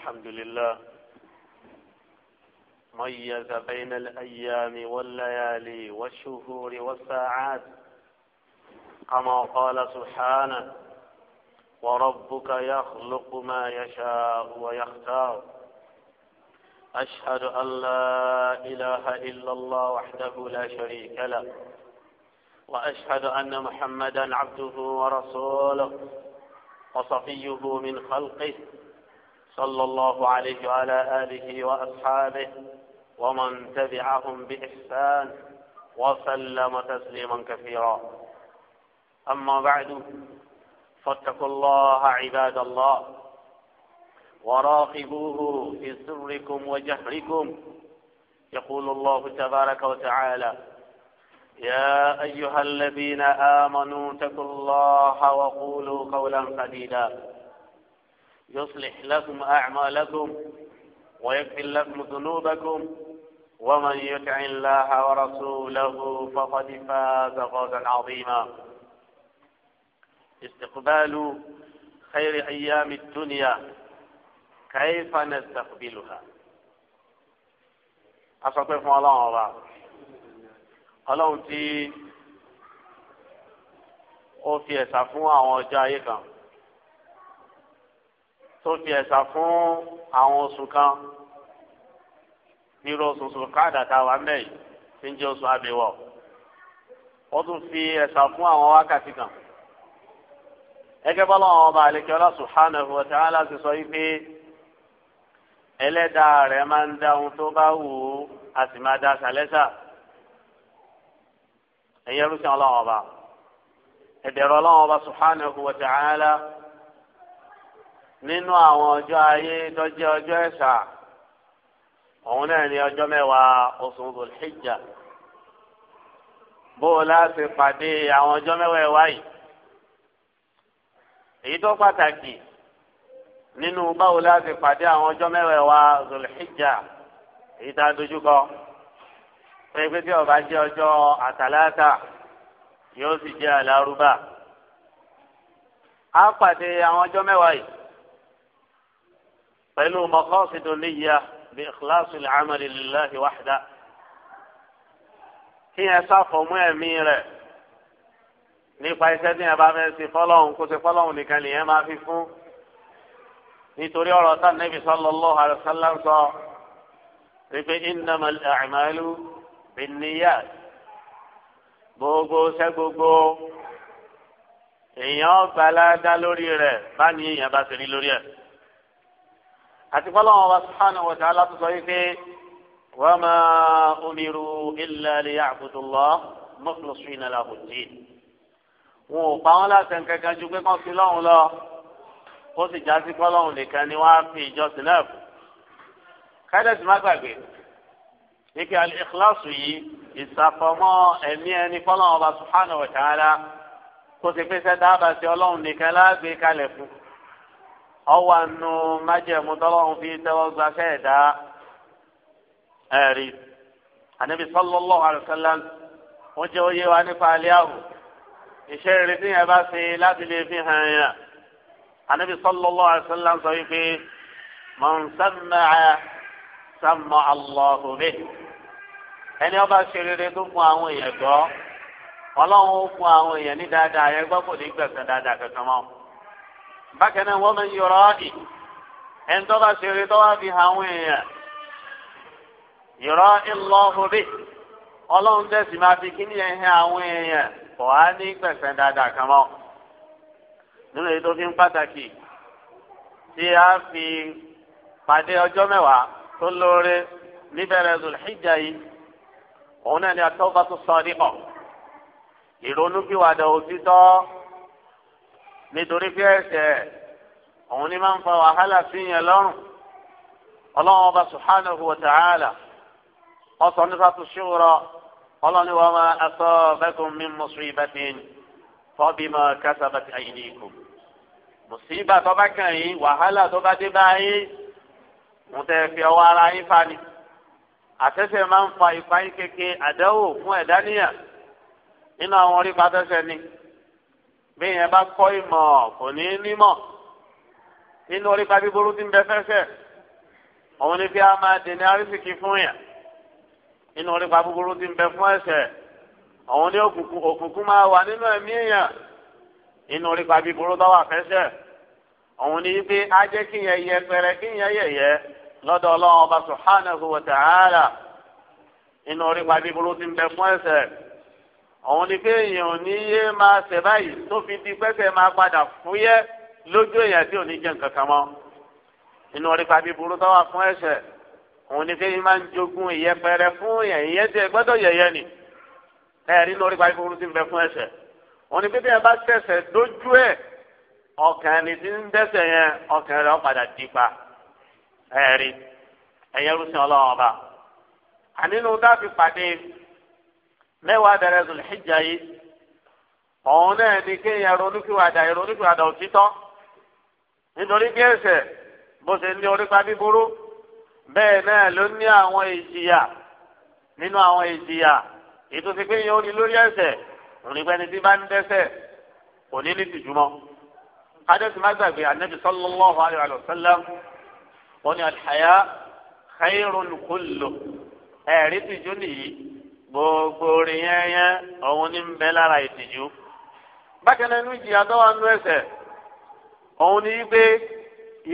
الحمد لله ميز بين الأيام والليالي والشهور والساعات كما قال سبحانه وربك يخلق ما يشاء ويختار أشهد أن لا إله إلا الله وحده لا شريك له وأشهد أن محمدا عبده ورسوله وصفيه من خلقه صلى الله عليه وعلى آله وأصحابه ومن تبعهم بإحسان وسلم تسليما كثيرا أما بعد فاتقوا الله عباد الله وراقبوه في سركم وجهركم يقول الله تبارك وتعالى يا أيها الذين آمنوا اتقوا الله وقولوا قولا سديدا يصلح لكم أعمالكم ويغفر لكم ذنوبكم ومن يطع الله ورسوله فقد فاز فوزا عظيما استقبال خير أيام الدنيا كيف نستقبلها أستطيع الله الله الله تي ó fi ẹ̀sà fún tó fi ẹ̀sà fún àwọn oṣù kan nírú oṣù sùkádà tá a wà mẹ́yì tí ń jẹ́ oṣù abẹ́wọ̀ wọ́n tún fi ẹ̀sà fún àwọn wákàtí kan. ẹgẹ́ bọ́lá àwọn ọba àlekẹ́ ọlá subhanahu wa ta'ala ti sọ wípé ẹlẹ́dàá rẹ̀ máa ń dá ohun tó bá wù ú a sì máa dá sàlẹ́sà ẹ̀yẹ́rú sí ọlọ́wọ́n ọba ẹ̀dẹ̀rọ ọlọ́wọ́n ọba subhanahu wa ta'ala nínú àwọn ọjọ́ ayé tó jẹ́ ọjọ́ ẹ̀sà òun náà ní ọjọ́ mẹ́wàá oṣù Dhul-Hijja bó o láti pàdé àwọn ọjọ́ mẹ́wàá ẹ̀wá yìí èyí tó pàtàkì nínú báwo láti pàdé àwọn ọjọ́ mẹ́wàá ẹ̀wá Dhul-Hijja èyí tá a dojúkọ pé pé tí ó jẹ́ ọjọ́ àtàlátà yóò sì jẹ́ àlárúbà á pàdé àwọn ọjọ́ mẹ́wàá yìí pẹ̀lú مقاصد niyya بإخلاص العمل لله وحده. wahda kí yẹn sáfọ̀mú ẹ̀mí rẹ̀ nípa iṣẹ́ tí yẹn bá fẹ́ ṣe fọlọ́hún kó ṣe fọlọ́hún nìkan lèyẹn máa fi fún nítorí ọ̀rọ̀ tá nẹ́bí sallallahu alaihi wasallam sọ wípé innamal a'malu binniyat gbogbo ṣẹ́ gbogbo èèyàn gbalada lórí rẹ̀ bá ní èèyàn bá ṣe rí lórí ẹ̀ àti fọlọ́wọ́n wa subhanahu wa ta'ala tó sọ yìí pé wa ma umiru illa liya'budullah mukhlisina lahud-din wọn ò pa wọn láti ẹnìkan kan ju pé kán fi lọ́hùn lọ ó sì já sí fọlọ́hùn nìkan ni wọ́n á fi ìjọsìn náà kù káyọ̀dẹ̀sì má gbàgbé ní kí yìí ìsàfọ̀mọ́ ẹ̀mí ẹni fọlọ́wọ́n wa subhanahu wa kó ti pèsè dábàá sí ọlọ́run nìkan lágbèé kalẹ̀ fún un ọwọ́ àánú májẹ̀mú tọ́lọ́run fi tẹ́wọ́ gba fẹ́ẹ̀dá ẹ̀rí ànábi sallallahu alaihi wasallam ó jẹ́ òye wa nípa aláwọ̀ iṣẹ́ rere tí yẹn bá ṣe láti lè fi hàn yàn ànábi sallallahu alaihi wasallam sọ wípé man samma'a samma Allahu bihi ẹni ọba ṣe rere tó fún àwọn èèyàn gbọ́ ọlọ́run ó fún àwọn èèyàn ní dáadáa yẹn kò ní gbẹ̀sẹ̀ dáadáa kankan mọ́. Bakene náà wọ́n máa ń yọrọ ọ́ọ̀dì ẹni ṣeré tó lọ fi hàn àwọn èèyàn yọrọ ọlọ́run tẹ̀sí máa fi kí nìyẹn hàn àwọn èèyàn kò á ní gbẹ̀sẹ̀ dáadáa kan mọ́ nínú fi ń pàtàkì tí a fi pàdé ọjọ́ mẹ́wàá tó lóore níbẹ̀rẹ̀ yìí òun náà ni àtọ́fà tó sọ ọ́ ìrònú kí nítorí pé ẹ̀ṣẹ̀ òun ni máa ń fa wàhálà sí yẹn lọ́rùn ọlọ́run ọba subhanahu wa ta'ala ọsàn nípa tó ṣòro ọlọ́run ni wọ́n máa aṣọ bẹ́kùn min musibatin fabima kasabat aydikum mùsíbà tó bá kàn yín wàhálà tó bá dé báyìí mo tẹ́ fi ọwọ́ ara yín fa ni àtẹ́sẹ̀ máa ń fa ìpáyín kéke àdánwò fún ẹ̀dá níyà nínú àwọn orí pàtẹ́sẹ̀ ni bí yẹn bá kọ́ ìmọ̀ kò ní nímọ̀ nínú orí pàbí burú ti ń bẹ fẹ́fẹ́ òun ni bí a máa dènà arísìkí fún yẹn nínú orí pàbí burú ti ń bẹ fún ẹsẹ̀ òun ni òkùnkùn máa wà nínú ẹ̀mí yẹn nínú orí pàbí burú tó wà fẹ́fẹ́ òun ni pé á jẹ́ kí yẹn yẹ pẹrẹ kí yẹn yẹ yẹ lọ́dọ̀ ọlọ́run ọba subhanahu wa ta'ala nínú orí pàbí burú ti ń bẹ fún ẹsẹ̀ òun ni pé èèyàn ní yé máa ṣẹ̀ báyìí tó fi di pẹ́sẹ̀ máa padà fúyẹ́ lójú èèyàn tí ò ní jẹ́ nǹkan kan mọ́. inú orípa bíburú tó wà fún ẹ̀ṣẹ̀ òun ni pé yín máa ń jogún ìyẹpẹrẹ fún èèyàn ìyẹn tẹ gbọ́dọ̀ yẹ̀yẹ́ ni. ẹ̀rí inú orípa bíburú ti ń bẹ fún ẹ̀ṣẹ̀ òun ni pé bí ẹ bá ṣẹ̀ṣẹ̀ dójú ẹ̀ ọkàn ni ti ń dẹ́ṣẹ̀ yẹn ọkàn rẹ̀ ó padà dì pa ẹ̀rí ẹ̀yẹ́rú sí ọlọ́run ọba ànínú dáàbì pàdé mẹ́wàá bẹ̀rẹ̀ zulhijja yìí ọ̀hún náà ni kéèyàn ronúkìwàdà ìronúkìwàdà òtítọ́ nítorí bí ẹ̀ṣẹ̀ bó ṣe ní orípa bíburú bẹ́ẹ̀ náà ló ní àwọn ìjìyà nínú àwọn ìjìyà ètò ti kéèyàn ó ní lórí ẹ̀ṣẹ̀ òrìgbẹ́ni tí bá ń dẹ́ṣẹ̀ kò ní ní tìjúmọ́ adẹ́sí má gbàgbé anabi sallallahu alayhi wa sallam wọn ni alihaya khairun kullu ẹ̀rí tìjú nìyí gbogbo orin yẹn yẹn òun ní ń bẹ lára ìtìjú bákan náà inú ìjìyà tó wà nínú ẹ̀ṣẹ̀ òun ní pé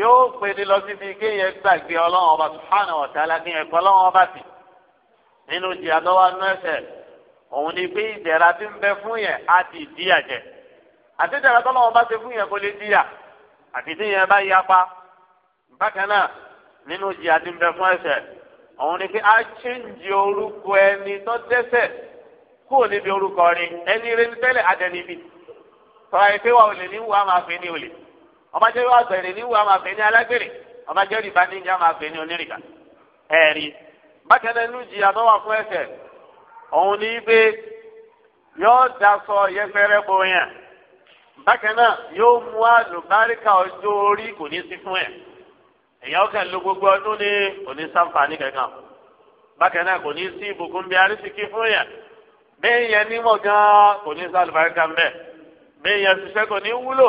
yóò pè ní lọ síbi kéèyàn gbàgbé ọlọ́run ọba subhanahu wa ta'ala kéèyàn kọ́ ọlọ́run ọba sí nínú ìjìyà tó wà nínú ẹ̀ṣẹ̀ òun ní pé ìdẹ̀ra tí ń bẹ fún yẹn á ti díyà jẹ àti ìdẹ̀ra tó lọ́wọ́ bá ṣe fún yẹn kó lè díyà àti tí yẹn bá yapa bákan náà ìjìyà tí ń bẹ fún ẹ̀ṣẹ̀ òun ni a ṣéǹjì orúkọ ẹni tó dẹ́sẹ̀ kúrò níbi orúkọ ẹni ní tẹ́lẹ̀ adẹ́ni bi tọ́ra yìí pé wà olè ní wà máa fẹ́ ní olè ọba jẹ́ wà bẹ̀rẹ̀ ní wà máa fẹ́ ní alágbèrè ọba jẹ́ rìbá ní ìjà máa fẹ́ ní onírìkà ẹ̀rí bákan inú jìyà tó wà fún ẹsẹ̀ òun ni pé yóò ẹ̀yà ọkẹ́ ló gbogbo ọdún ní onísànfààní kankan bákan náà kò ní sí ibùkún bí arísìkí fún yẹn bẹ́ẹ̀ yẹn nímọ̀ gan kò ní sàlùbáríkà ń bẹ̀ bẹ́ẹ̀ yẹn ṣiṣẹ́ kò ní wúlò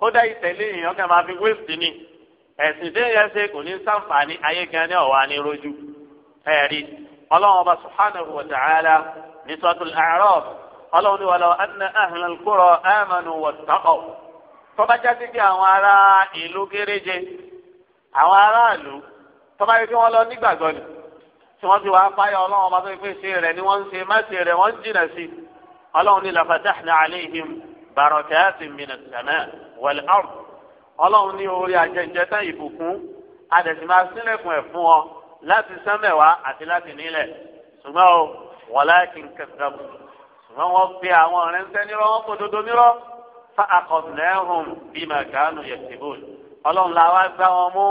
kódà ìtẹ̀lé èèyàn kan máa fi wéèsì ni ẹ̀sìn yẹn ṣe kò ní ayé gan ní ọ̀wá ní rojú ẹ̀rí ọlọ́run ọba subhanahu wa ta'ala ní ọlọ́run ní wàlọ́ àwọn aráàlú tọ́ba yìí kí wọ́n lọ nígbàgbọ́ ni tí wọ́n ti wá fáyọ̀ ọlọ́run ọba tó fi ṣe rẹ̀ ni wọ́n ń ṣe má ṣe rẹ̀ wọ́n jìnà sí ọlọ́run ní lafatahna alayhim barakatin minas samaa wal ard ọlọ́run ní orí ajẹ́jẹ́ tán ìbùkún adẹ̀sí sílẹ̀kùn ẹ̀ fún ọ láti sánmẹ̀wá àti láti nílẹ̀ ṣùgbọ́n o walakin kazzabu ṣùgbọ́n wọ́n fi àwọn wọ́n kò ọlọ́run la wá gbá wọn mú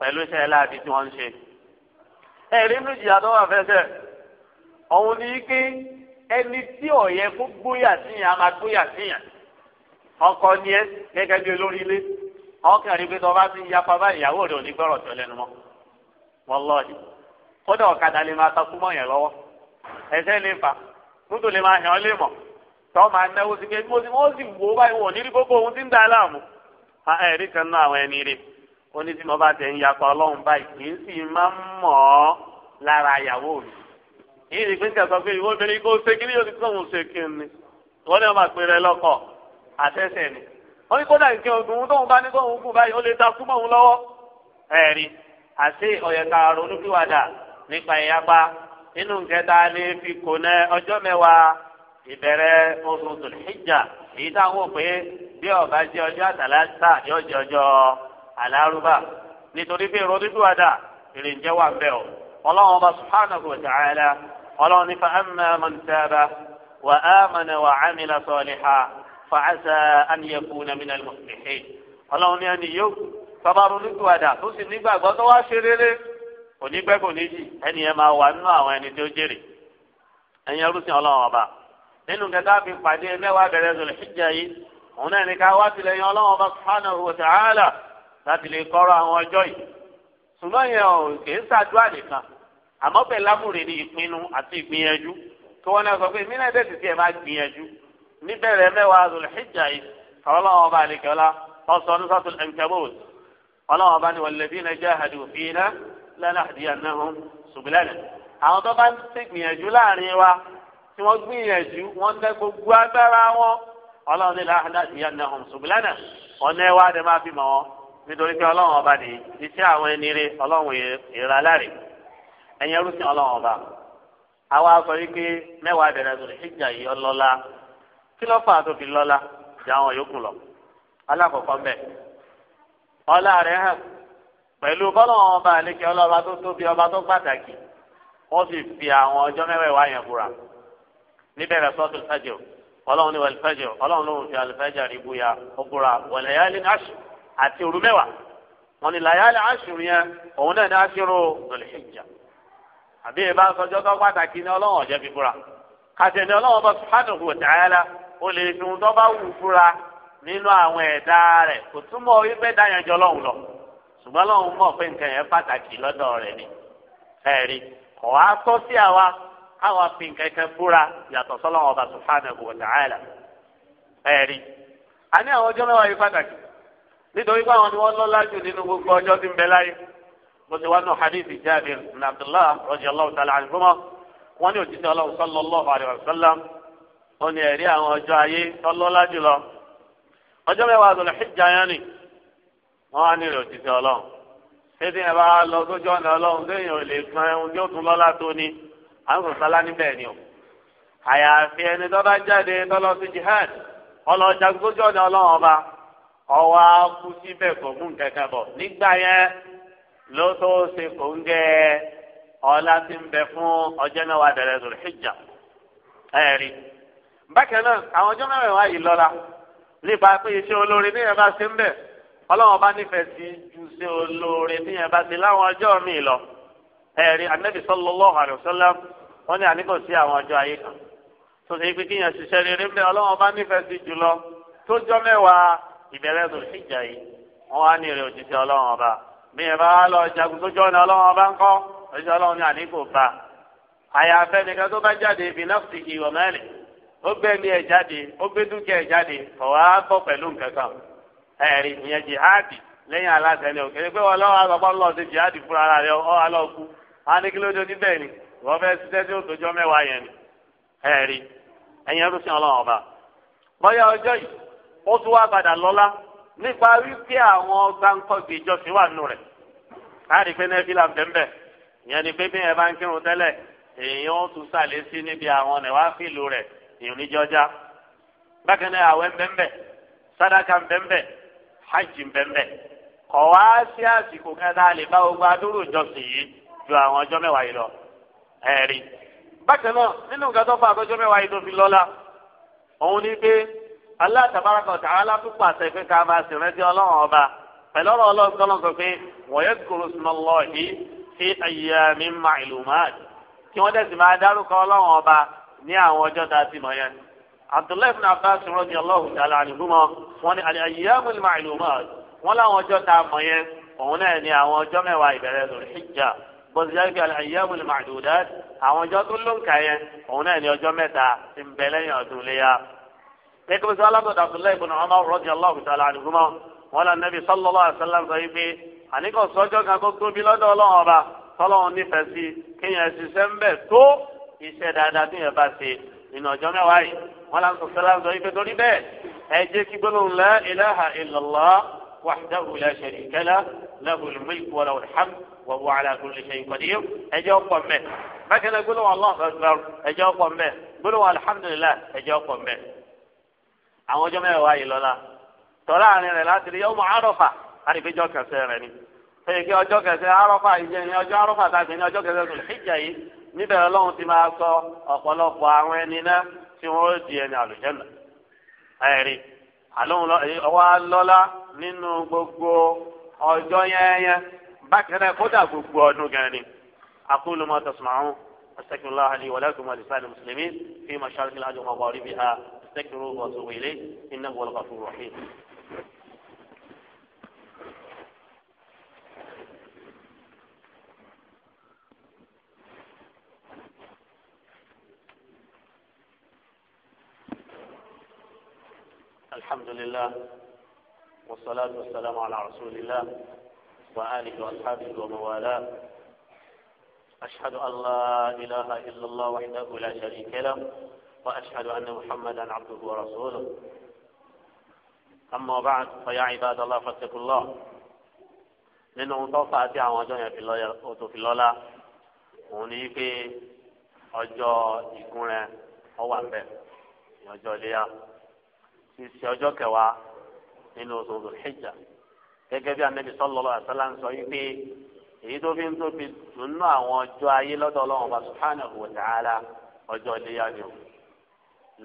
pẹ̀lú iṣẹ́ láàbí tí wọ́n ń ṣe. ẹ̀rí inú ìjìyà tó wà fẹsẹ̀ ọ̀hun ni pé ẹni tí ọ̀yẹ́ kó gbóyà síyàn á máa gbóyà síyàn ọkọ ni ẹ gẹ́gẹ́ bí olórí ilé ọkàn rí pé tó bá ti ń yapa báyìí ìyàwó rẹ̀ ò ní gbọ́rọ̀ tó lẹ́nu mọ́ wọ́n lọ́ọ̀dì kódà ọ̀kadà lè máa takú mọ́ yẹn lọ́wọ́ ẹsẹ̀ lè fà mútu lè máa hàn án lè mọ̀ tọ́ máa náwó sí pé mo sì wo báyìí wọ̀ ní gbogbo ohun tí ń da láàmú. ẹ̀rí kan náà àwọn ẹni rẹ̀ ó ní tí mo bá tẹ̀ ń yakọ̀ ọlọ́run báyìí kì í sì máa ń mọ̀ ọ́ lára mi ni pé ń tẹ̀sán pé ìwọ obìnrin ṣe ni yóò ti tó ṣe kí ni wọ́n ní ọmọ àpẹẹrẹ lọ́kọ̀ àtẹ́sẹ̀ ni wọ́n ní kódà nǹkan ọ̀gbìn tóun bá ní kù báyìí ó lè ta súnmọ́ òun lọ́wọ́ ẹ̀rí àti ọ̀yẹ̀ká ronúkúwàdà nípa ìyapa inú nkẹta ní fi kò èyí táwọn ò pé bí ọba jẹ ọjọ́ àtàlásà yóò jẹ ọjọ́ àlárúbà nítorí pé ìrònú dùwàdà ìrìnjẹ wà bẹ ọ Ọlọ́run ọba subhanahu wa ta'ala Ọlọ́run nípa amma man taba wa amana wa amila salihan fa asa an yakuna minal muflihin Ọlọ́run ní ẹni yóò tọbaru ní dùwàdà tó sì nígbàgbọ́ tó wá ṣe rere kò ní ẹni yẹn máa wà nínú àwọn ẹni tó jèrè ẹ̀yin ẹrú sí Ọlọ́run ọba nínú kẹta fi pàdé mẹ́wàá bẹ̀rẹ̀ sọ̀rọ̀ ṣíjà yìí òun náà ní ká wá tilẹ̀ yan ọlọ́wọ́n bá subhanahu wa ta'ala láti lè kọ́rọ̀ àwọn ọjọ́ yìí ṣùgbọ́n yẹn ò kì í ṣàdúrà nìkan àmọ́ bẹ́ẹ̀ lámùrè ní ìpinnu àti ìgbìyànjú kí wọ́n náà sọ pé mílíọ̀nù tẹ̀sí tí máa gbìyànjú níbẹ̀rẹ̀ mẹ́wàá zòlù hijja yìí ọlọ́wọ́n bá tí wọ́n gbìyànjú wọ́n tẹ gbogbo agbára wọn ọlọ́run nílẹ̀ àhàdá ìyá ní ọ̀hún ṣùgbọ́n ọ̀nà ẹ̀wá dẹ̀ máa fi mọ̀ wọn nítorí pé ọlọ́run ọba ní iṣẹ́ àwọn ẹni rẹ ọlọ́run ìra láre ẹ̀yin ẹrú sí ọlọ́run ọba àwa sọ wípé mẹ́wàá bẹ̀rẹ̀ sọ̀rọ̀ ìjà yìí ọlọ́lá kí lọ́fà tó fi lọ́lá ju àwọn yòókù lọ alákọ̀ọ́kọ́ mbẹ́ ọlá rẹ̀ hàn pẹ̀lú bọ́lọ́run ọba àlekẹ́ ọlọ́ba tó tóbi ọba tó pàtàkì wọ́n sì fi àwọn ọjọ́ mẹ́wàá yẹn búra níbẹ̀ rẹ̀ sọ́tò fẹ́jọ ọlọ́run ní wàlú fẹ́jọ ọlọ́run ló ń fi àlùfẹ́jọ àríbú ya ọgbọ́ra wọlé yálé aṣù àti òru mẹ́wàá wọn ni làyálé aṣù yẹn òun náà ní aṣírò lọ́lẹ́hìjà àbí ìbá sọjọ́ tó pàtàkì ní ọlọ́run ọ̀jẹ́ fi búra kàtẹ́ ní ọlọ́run bá subhanahu wa ta'ala ó lè fi ohun tó bá wù fúra nínú àwọn ẹ̀dá rẹ̀ kò túmọ̀ wípé dáyànjọ ọlọ́run lọ ṣùgbọ́n ọlọ́run mọ̀ pé nǹkan yẹn pàtàkì lọ́dọ̀ rẹ̀ ni ẹ̀rí kọ̀ wá tọ́ sí àwa káwọn afin kẹ̀kẹ́ búra yàtọ̀ sọ́lọ́wọ́n ọba subhanahu wa ta'ala ẹ̀rí. a ní àwọn ọjọ́ mẹ́wàá yìí pàtàkì nítorí pé àwọn ni wọ́n lọ́lá jù nínú gbogbo ọjọ́ tí ń bẹ láyé bó ti wá nù hadith Jabir bin Abdullah radiyallahu ta'ala anhuma wọ́n ní òjijì ọlọ́run sallallahu alaihi wasallam ó ní ẹ̀rí àwọn ọjọ́ ayé tọ́lọ́lá jùlọ ọjọ́ mẹ́wàá àtọ̀lẹ̀ hijja yẹn ni wọ́n á nílò òjijì ọlọ́run ṣé tí ẹ bá lọ sójú ọ̀nà ọlọ́run lẹ́yìn ò lè kan ẹ̀hún tí ó tún lọ́lá tó ní àwọn sọ̀sálá níbẹ̀ ni o àyàfi ẹni tó bá jáde tọ́lọ́ sí jihad ọlọ́jà gbójú ọ̀nà ọlọ́run ọba ọwọ́ akú síbẹ̀ kò mú kẹ̀kẹ́ bọ̀ nígbà yẹn ló tó ṣe kò ń gẹ ọlá tí ń bẹ fún ọjọ́ náà wà bẹ̀rẹ̀ lórí hijja ẹ̀rí bákan náà àwọn ọjọ́ mẹ́rin wá yìí lọ́la nípa pé iṣẹ́ olóore ní yẹn bá ṣe ń bẹ̀ ọlọ́run ọba nífẹ̀ẹ́ sí ju iṣẹ́ olóore ní yẹn bá ṣe láwọn ọjọ́ míì lọ. ẹ̀rí anabi sallallahu alayhi wa sallam wọ́n ní àníkò sí àwọn ọjọ́ ayé kan tó ṣe pé kíyàn ṣiṣẹ́ rere bẹ́ẹ̀ ọlọ́run bá nífẹ̀ẹ́ sí jùlọ tó jọ mẹ́wàá ìbẹ̀rẹ̀ tó sì jà yìí wọ́n wá ní èrè òjijì ọba lọ jagun tó jọ ní ọlọ́run ọba ńkọ́ òjijì ọlọ́run ní àníkò bá àyàfẹ́ nìkan tó bá jáde ibi ni wọn á ní kí ló dé níbẹ̀ ni wọ́n fẹ́ ṣiṣẹ́ tí ó tójọ́ mẹ́wàá yẹn ni ẹ̀rí ẹ̀yin ẹrú sí ọlọ́run ọba. bọ́yá ọjọ́ yìí ó tún wá padà lọ́lá nípa wípé àwọn gbáǹkọ́gbì ìjọsìn wà nù rẹ̀ káàdì pé nẹ́fìlà bẹ́ẹ̀ ìyẹn ni pé bí ẹ bá ń kírun tẹ́lẹ̀ èèyàn ó tún sàlẹ̀ sí níbi àwọn ọ̀nà wàá fìlú rẹ̀ èèyàn níjọ́já bákan náà àwẹ̀ bẹ́ẹ̀ bẹ́ẹ̀ ju àwọn ọjọ́ mẹ́wàá yìí lọ ẹ̀rí. bákan náà nínú nǹkan tó fà àtọ́jọ́ mẹ́wàá yìí tó fi lọ́la òun ni pé Allah tabaraka wa ta'ala tún pàṣẹ pé ká máa ṣèrántí ọlọ́run ọba pẹ̀lú ọ̀rọ̀ ọlọ́run tọ́lọ́ sọ pé wa yadhkuru ismallahi fi ayyamin ma'lumat kí wọ́n tẹ̀sí máa dárúkọ ọlọ́run ọba ní àwọn ọjọ́ tá a ti mọ̀ yẹn. Abdullahi ibn Abbas radiyallahu ta'ala anhuma wọ́n ní al-ayyamul ma'lumat wọ́n láwọn ọjọ́ tá a mọ̀ yẹn òun náà ní àwọn ọjọ́ mẹ́wàá ìbẹ̀rẹ̀ lórí hijja bọ́síyá fi àlàyéwò lè máa dùn dáa àwọn ọjọ́ tó ló ń kà yẹn òun náà ní ọjọ́ mẹ́ta ti ń bẹ lẹ́yìn ọdún léyà. gẹ́gẹ́ bí sọ alágbọ̀dọ̀ abdullahi ibùnà ọmọ rọ́jì aláwọ̀ tó aláàánú fún wọn wọn là nẹ́bi sọ́lọ́lá àṣàlá sọ yìí pé àníkọ̀ sọ́jọ́ kan tó tóbi lọ́dọ̀ ọlọ́run ọba tọ́lọ́run nífẹ̀ẹ́ sí kéèyàn وحده لا شريك له له الملك وله الحمد وهو على كل شيء قدير اجاوب به ما كان يقولوا الله اكبر اجاوب به قولوا الحمد لله اجاوب به àwọn ọjọ́ mẹ́wàá yìí lọ́la tọ́lá àárín rẹ̀ láti rí yọ́mọ àrọ́fà àti ìfẹ́jọ́ kẹsẹ̀ rẹ̀ ni fẹ́yìnkì ọjọ́ kẹsẹ̀ àrọ́fà ìjẹ́ ní ọjọ́ àrọ́fà tàbí ní ọjọ́ kẹsẹ̀ tòun ìjà yìí níbẹ̀ ọlọ́run ti máa sọ ọ̀pọ̀lọpọ̀ àwọn ẹni náà tí wọ́n di ẹni àlùjẹ́nà ẹ̀rí àlóhùn ọwọ́ alọ́lá nínú gbogbo ọjọ́ yẹ́yẹ́ bákan náà kódà gbogbo ọdún gan ni aqulu ma tasma'un astaghfirullah li wa lakum wa lisa'il muslimin fi mashariqil ardi wa magharibiha astaghfiruhu wa atubu ilayh innahu huwal ghafurur rahim. الحمد لله والصلاة والسلام على رسول الله وآله وأصحابه ومن والاه أشهد أن لا إله إلا الله وحده لا شريك له وأشهد أن محمدا عبده ورسوله أما بعد فيا عباد الله فاتقوا الله nínú tó fà á sí àwọn ọjọ́ yẹn tó fi lọ́la òun ni pé ọjọ́ ìgúnrẹ́ ọ wà ń bẹ̀ nínú oṣù Dhul-Hijja gẹ́gẹ́ bí anabi sallallahu alaihi wasallam sọ yìí pé èyí tó fi ń tóbi nínú àwọn ọjọ́ ayé lọ́dọ̀ Ọlọ́run bá subhanahu wa ta'ala ọjọ́ iléyà ni o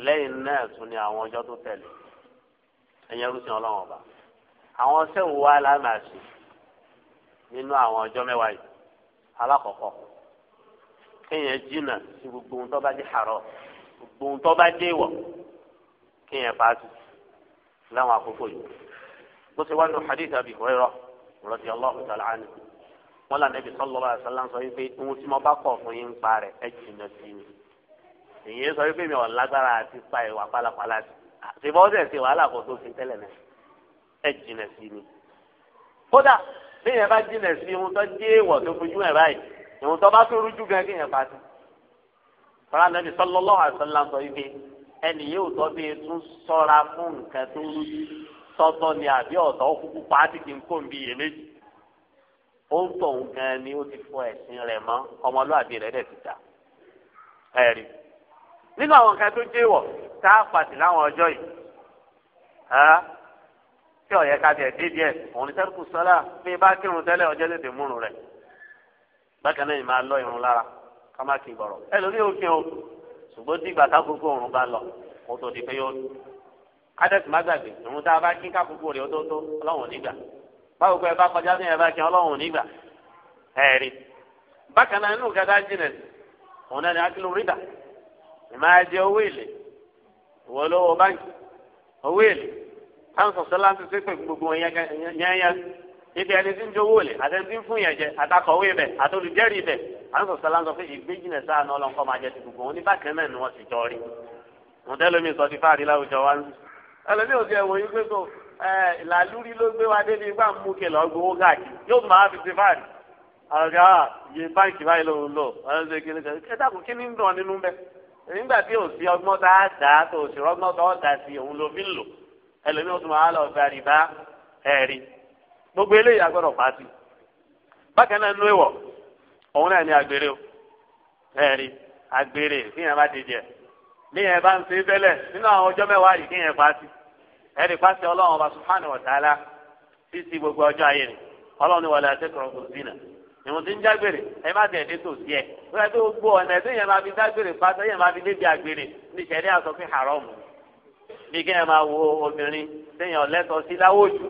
lẹ́yìn náà tún ni àwọn ọjọ́ tó tẹ̀lé ẹ̀yẹ rúṣin Ọlọ́run ọba àwọn ọṣẹ́ wo lánàá sí nínú àwọn ọjọ́ mẹ́wàá yìí alákọ̀ọ́kọ́ kéèyàn jìnnà sí gbogbo ohun tó bá dé àárọ̀ gbogbo ohun tó bá dé wọ̀ kéèyàn fàá tutù láwọn àkókò yìí bó ṣe wá ní hadith Abi Hurairah radiyallahu ta'ala anhu wọn là nẹbi sallallahu alaihi wasallam sọ wípé ohun tí mo bá kọ fún yín ń pa rẹ ẹ jìnnà sí mi èyí sọ wípé mi ò lágbára àti pa ìwà pálapàla sí àtibọ́ ọ̀sẹ̀ ṣe wàhálà kò tó fi tẹ́lẹ̀ náà ẹ jìnnà sí mi. kódà bí yẹn bá jìnnà sí ohun tó dé ìwọ̀ tó fojú ẹ̀ báyìí ohun tó bá tó rújú gan kí yẹn pa sí. fọlá nẹbi sallallahu alaihi wasallam sọ wípé ẹnì yóò tọ́ bí e tún sọ́ra fún nǹkan tó rú tọ́tọ́ ni àbí ọ̀tọ̀ kúkú pàtì kí n kó n bí iyèméjì ó ń tọ̀ nǹkan ni ó ti fọ ẹ̀sìn rẹ̀ mọ́ ọmọlúwàbí rẹ̀ dẹ̀ ti dà ẹ̀rí nínú àwọn nǹkan tó jẹ́ tá a pàtì láwọn ọjọ́ yìí tí ọ̀yẹ́ ká tiẹ̀ dé díẹ̀ òun ní sẹ́kù sọ́lá bí bá kírun tẹ́lẹ̀ ọjọ́ tètè múrun rẹ̀ bákan náà yìí o ṣùgbọ́n dìgbà kákòókò òrùn bá lọ kó tó di pé yóò lù kádẹ́sì má gbàgbé òrùn tá a bá kí kákòókò rẹ̀ tó tó ọlọ́run nígbà báwo pé ẹ bá kọjá sí ẹ bá kí ọlọ́run nígbà ẹ̀rí bákan náà inú kẹta jìnà òun náà ni akílù rídà ìmáa owó èlé ìwọ lówó báńkì owó èlé táwọn sọ̀tọ́ láti ṣépè gbogbo yẹn yẹn ibi ẹni tí ń jowó lè àtẹni tí ń fún yẹn jẹ àtàkọ̀wé bẹ̀ àtolùjẹ́rì bẹ̀ àwọn sọ̀rọ̀ láńsọ pé ìgbéjìnà sáànù ọlọ́nkọ́ máa jẹ ti gbogbo wọn ní bákẹ́ náà ni wọ́n ti jọ rí mo tẹ́ lómi sọ ti fáàrí láwùjọ wa ń ẹlòmíì ò ti ẹ̀wọ̀ yín pé kò làlúrí ló gbé wa débi ipá ń mú kele ọgbowó káàkiri yóò máa fi ti fáàrí ọ̀gá yé báǹkì báyìí ló ń lò ọ̀rọ̀ ṣe kí ni kẹ́ kí ni ń dùn nínú bẹ́ gbogbo eléyìí agbọ́dọ̀ pàtì bákan náà nú ìwọ òun náà ní agbèrè o ẹẹri agbèrè kíyàn bá ti jẹ níyàn bá ń ṣe tẹ́lẹ̀ nínú àwọn ọjọ́ mẹ́wàá yìí kíyàn pàtì ẹẹri pàtì Ọlọ́run ọba subhanahu wa ta'ala títí gbogbo ọjọ́ ayé rẹ Ọlọ́run ni wọlé àtẹkọrọ kò sí náà ìwọ̀n tí ń dágbére ẹ má tẹ̀ ní tòsí ẹ̀ wọ́n ti gbogbo ọ̀nà ẹ̀sìn yẹn máa fi dágbére pátá yẹn máa fi débi àgbèrè ní ìṣẹ̀lẹ̀ haram bí kí ẹ máa wo obìnrin sẹ́yìn ọ̀lẹ́tọ̀ sí láwọ́jú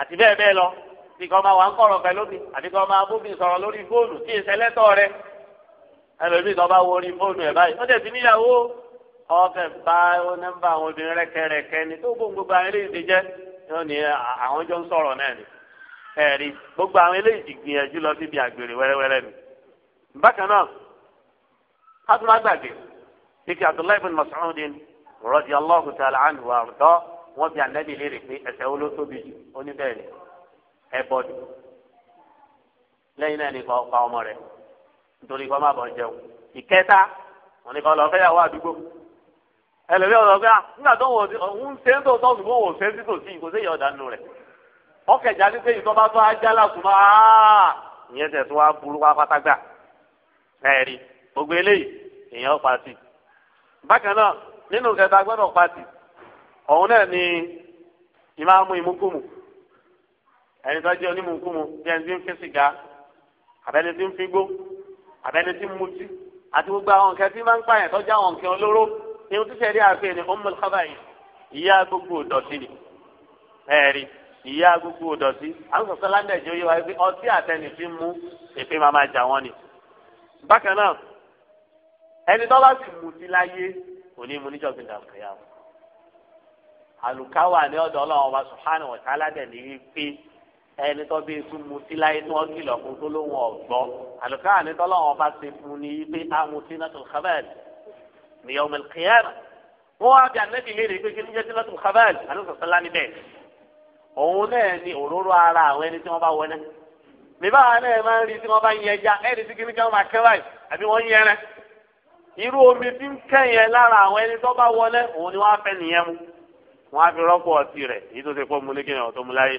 àti bẹ́ẹ̀ bẹ́ẹ̀ lọ bí kò máa wà ń kọ̀rọ̀ pẹ̀lú mi àbí kò máa bóbi sọ̀rọ̀ lórí fóònù tí ìṣẹ̀lẹ́tọ̀ rẹ ẹlòmíì tó bá wo orí fóònù ẹ̀ báyìí ó tẹ̀sí níyàwó ọkẹ́ bá nọ́mbà àwọn obìnrin rẹ́kẹrẹ́kẹ́ ni tó gbóhùn gbogbo àwọn eléyìí ti jẹ́ yóò ní àwọn jọ ń sọ̀rọ̀ náà ni gbogbo àwọn eléyìí ti gbìyànjú lọ síbi àgbèrè wẹ́rẹ́wẹ́rẹ́ ni. bákan náà má gbàgbé wọ́n bi ànábì léèrè pé ẹ̀ṣẹ̀ wo ló tóbi jù ó ní bẹ́ẹ̀ ni ẹbọ ni lẹ́yìn náà ní kọ pa ọmọ rẹ̀ nítorí kọ má bọ jẹun ìkẹta wọ́n ní kọ lọ fẹ́yàwó àdúgbò ẹlẹbi ọ̀rọ̀ pé ah nígbà tó wọ ń ṣe ń tó tọ́ ṣùgbọ́n wò ṣe ń títò sí kò sí ìyá ọ̀dà nù ọkẹjà ní sẹ́yìn tó bá tó ajá làkùnmọ́ aaa ah! ìyẹn tẹ̀ tó wá burú wá pátágbà ẹ̀rí gbogbo eléyìí èèyàn pàtì bákan náà nínú kẹta gbọ́dọ̀ pàtì òun náà ni ìmáàmù ìmúkùmù ẹni tó jẹ́ onímùkùmù bí ẹni tí ń fi sìgá àbẹ́ni tí ń fi gbó àbẹ́ni tí ń mutí àti gbogbo àwọn nǹkan tí máa ń pààyàn tó àwọn nǹkan olóró ní o ti ṣe rí àfihàn ní ummul khaba'i ìyá gbogbo ìdọ̀tí ni ẹ̀rí ìyá gbogbo ìdọ̀tí àwọn sọ̀tọ́ láńdẹ̀ jẹ́ oyé wa pé ọtí àtẹnì fi mú èpè máa máa jà wọ́n ni. bákan náà àlùkáwà ní ọ̀dọ̀ ọlọ́run ọba subhanahu wa ta'ala dẹ̀ ní wípé ẹni tó bí tún mutí láyé tí wọ́n kìlọ̀ fún tó lóun ọ̀gbọ́ àlùkáwà ní tọ́lọ́run ọba ti fún ní wípé amutí náà tó kábẹ́ẹ̀lì ní ọmọ ìkìyàrá wọ́n á bí anẹ́bí léèrè pé kí ní jẹ́ sílẹ̀ tó kábẹ́ẹ̀lì alóòsàsálá níbẹ̀ òun náà ni òróró ara àwọn ẹni tí wọ́n bá wọlé bíbá àwọn náà máa ń rí tí wọ́n bá ń yẹ ẹja ẹni tí kìnìkan máa kẹ́ báyìí àbí wọ́n yẹrẹ irú omi tí ń kẹ́yẹ lára àwọn ẹni tó bá wọlé òun ni wọ́n á fẹ́ nìyẹn mu wọn á fi rọ́pò ọtí rẹ̀ èyí tó ṣe pọ́ mu ní kí ni ọ̀tọ́ mu láyé